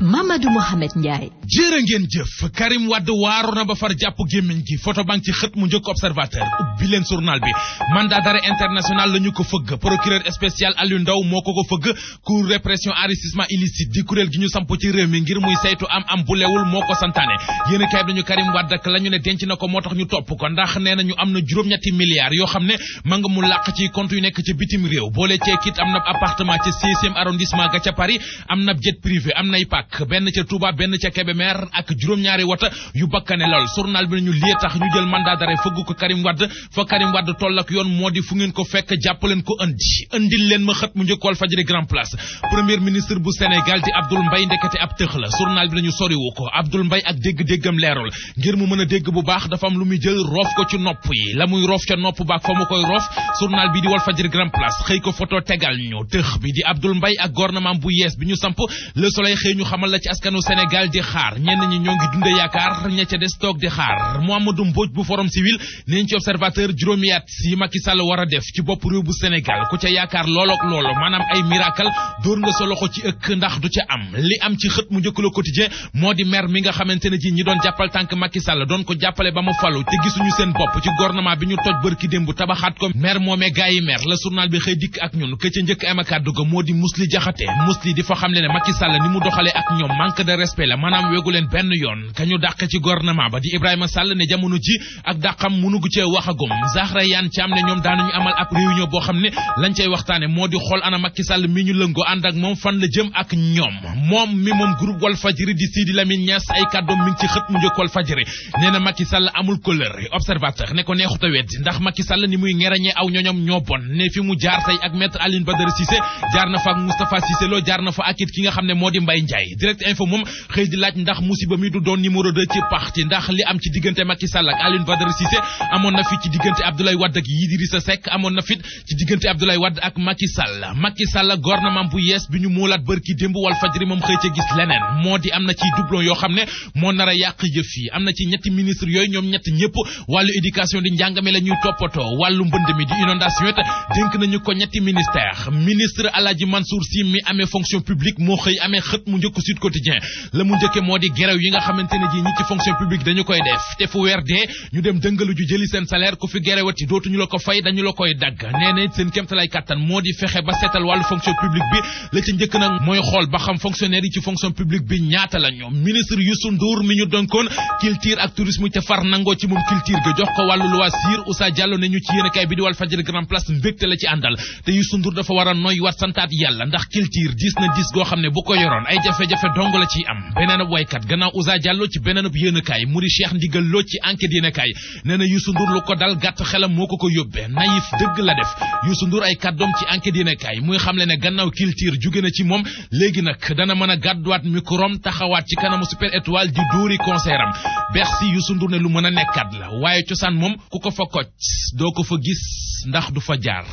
Mamadou Mohamed Ndiaye jërë ngeen jëf Karim Wade waaru na ba far jàpp gémmiñ gi photo ci xët mu njëkk observateur ubbi leen journal bi mandat d'arrêt international la ñu ko fëgg procureur spécial yu ndaw moo ko ko fëgg cour répression enrichissement illicite di kuréel gi ñu samp ci réew mi ngir muy saytu am am bu lewul moo ko santaane yéen kay bi nañu Karim Wade ak la ñu ne denc na ko moo tax ñu topp ko ndax nee na ñu am na juróom-ñetti milliards yoo xam ne ma nga mu làq ci am na appartement ci 16e na jet privé lakk benn ca Touba benn ca Kébémer ak juróom-ñaari wata yu bakkane lool journal bi nañu lii tax ñu jël mandat d'arrêt fëgg ko Karim Wade fa Karim Wade toll ak yoon moo di fu ngeen ko fekk jàppaleen ko andi andil leen ma xët mu njëkkool fajri grand place premier ministre bu Sénégal di Abdoul Mbaye ndekete ab tëx la journal bi nañu soriwu ko Abdoul Mbaye ak dégg-déggam leerul ngir mu mën a dégg bu baax dafa am lu muy jël roof ko ci nopp yi la muy roof ca nopp baak fa mu koy roof journal bi di wal fajri grand place xëy ko photo tegal ñu tëx bi di Abdoul Mbaye ak gouvernement bu yees xamal la ci askanu Sénégal di xaar ñenn ñi ñoo a def ci bopp ay miracle dóor nga sa loxo ci ëkk ndax du ca am li am ci xët mu njëkk Le Quotidien moo di mer mi nga xamante ne ji ñi doon jàppal tànk Macky Sall doon ko jàppale ba mu falu te gisuñu seen bopp ci gouvernement bi ñu toj bërki démb tabaxaat ko mer moomee gaa mer la journal bi xëy dikk ak ñun ke ca njëkk ama kàddu ga moo di Mously Diakhaté Mously di fa xamle ne Macky Sall ni mu doxalee ak ñoom manque de respect la maanaam wegu leen benn yoon ka ñu dàq ci gouvernement ba di Ibrahima Sall ne jamono ji ak dàqam mënugu cee wax agum yan Iyane am ne ñoom daanañu amal ab réunion boo xam ne lañ cay waxtaane moo di xool ana Macky Sall mi ñu lëngoo ànd ak moom fan la jëm ak ñoom moom mi moom groupe Walfadjri di Sidi Lamine ay kàddoom mi ngi ci xët mu njëkk Walfadjri nee na Macky Sall amul couleur observateur ne ko neexut a weddi ndax Macky Sall ni muy ngerañee aw ñoñom ñoo bon ne fi mu jaar tey ak maître Aline Badara Cissé jaar na fa ak Moustapha Lo jaar na ak ki nga xam ne moo di Mbaye Ndiaye direct info moom xëy di laaj ndax musiba mi du doon numéro 2 ci parti ndax li am ci diggante Macky Sall ak Alioune Badara Cissé amoon na fi ci diggante Abdoulaye Wade ak Idrissa Seck amoon na fit ci diggante Abdoulaye Wade ak Macky Sall Macky Sall gouvernement bu yees bi ñu muulaat bërki démb wal fajri moom xëy ca gis leneen moo di am na ci doublon yoo xam ne moo nar a yàq yëf yi am na ci ñetti ministre yooyu ñoom ñett ñëpp wàllu éducation di njàngame la ñuy toppatoo wàllu mbënd mi di inondation it dénk nañu ko ñetti ministère ministre Alaaji Mansour Sy mi amee fonction publique moo xëy amee xët mu njëkk Sud Quotidien la mu njëkke moo di gerew yi nga xamante ji ñi ci fonction publique dañu koy def te fu weer dee ñu dem dëngalu ju jëli seen salaire ku fi gerewati dootuñu la ko fay dañu la koy dagg nee na seen mooy xool ba xam fonctionnaire yi ci fonction publique bi ñaata la ministre Youssou Ndour mi ñu donkoon culture ak tourisme te far nangoo ci moom culture jox ko wàllu loisir Oussa Diallo ne ñu ci yéen kay bi di wàl fajër grand place mbégte jafe-jafe dong la ciy am beneenab waykat gannaaw Ousa Diallo ci beneenab yéenekaay mu di Cheikh Ndigal Lo ci enquête yéenekaay nee na Youssou Ndour lu ko dal gàtt xelam moo ko ko yóbbee naïf dëgg la def Youssou Ndour ay kàddoom ci enquête yéenekaay muy xamle ne gannaaw culture jóge na ci moom léegi nag dana mën a gàdduwaat microm taxawaat ci kanamu Super Étoile di dóori concert am Bercy Youssou Ndour ne lu mën a nekkaat la waaye cosaan moom ku ko fa kocc doo ko fa gis ndax du fa jaar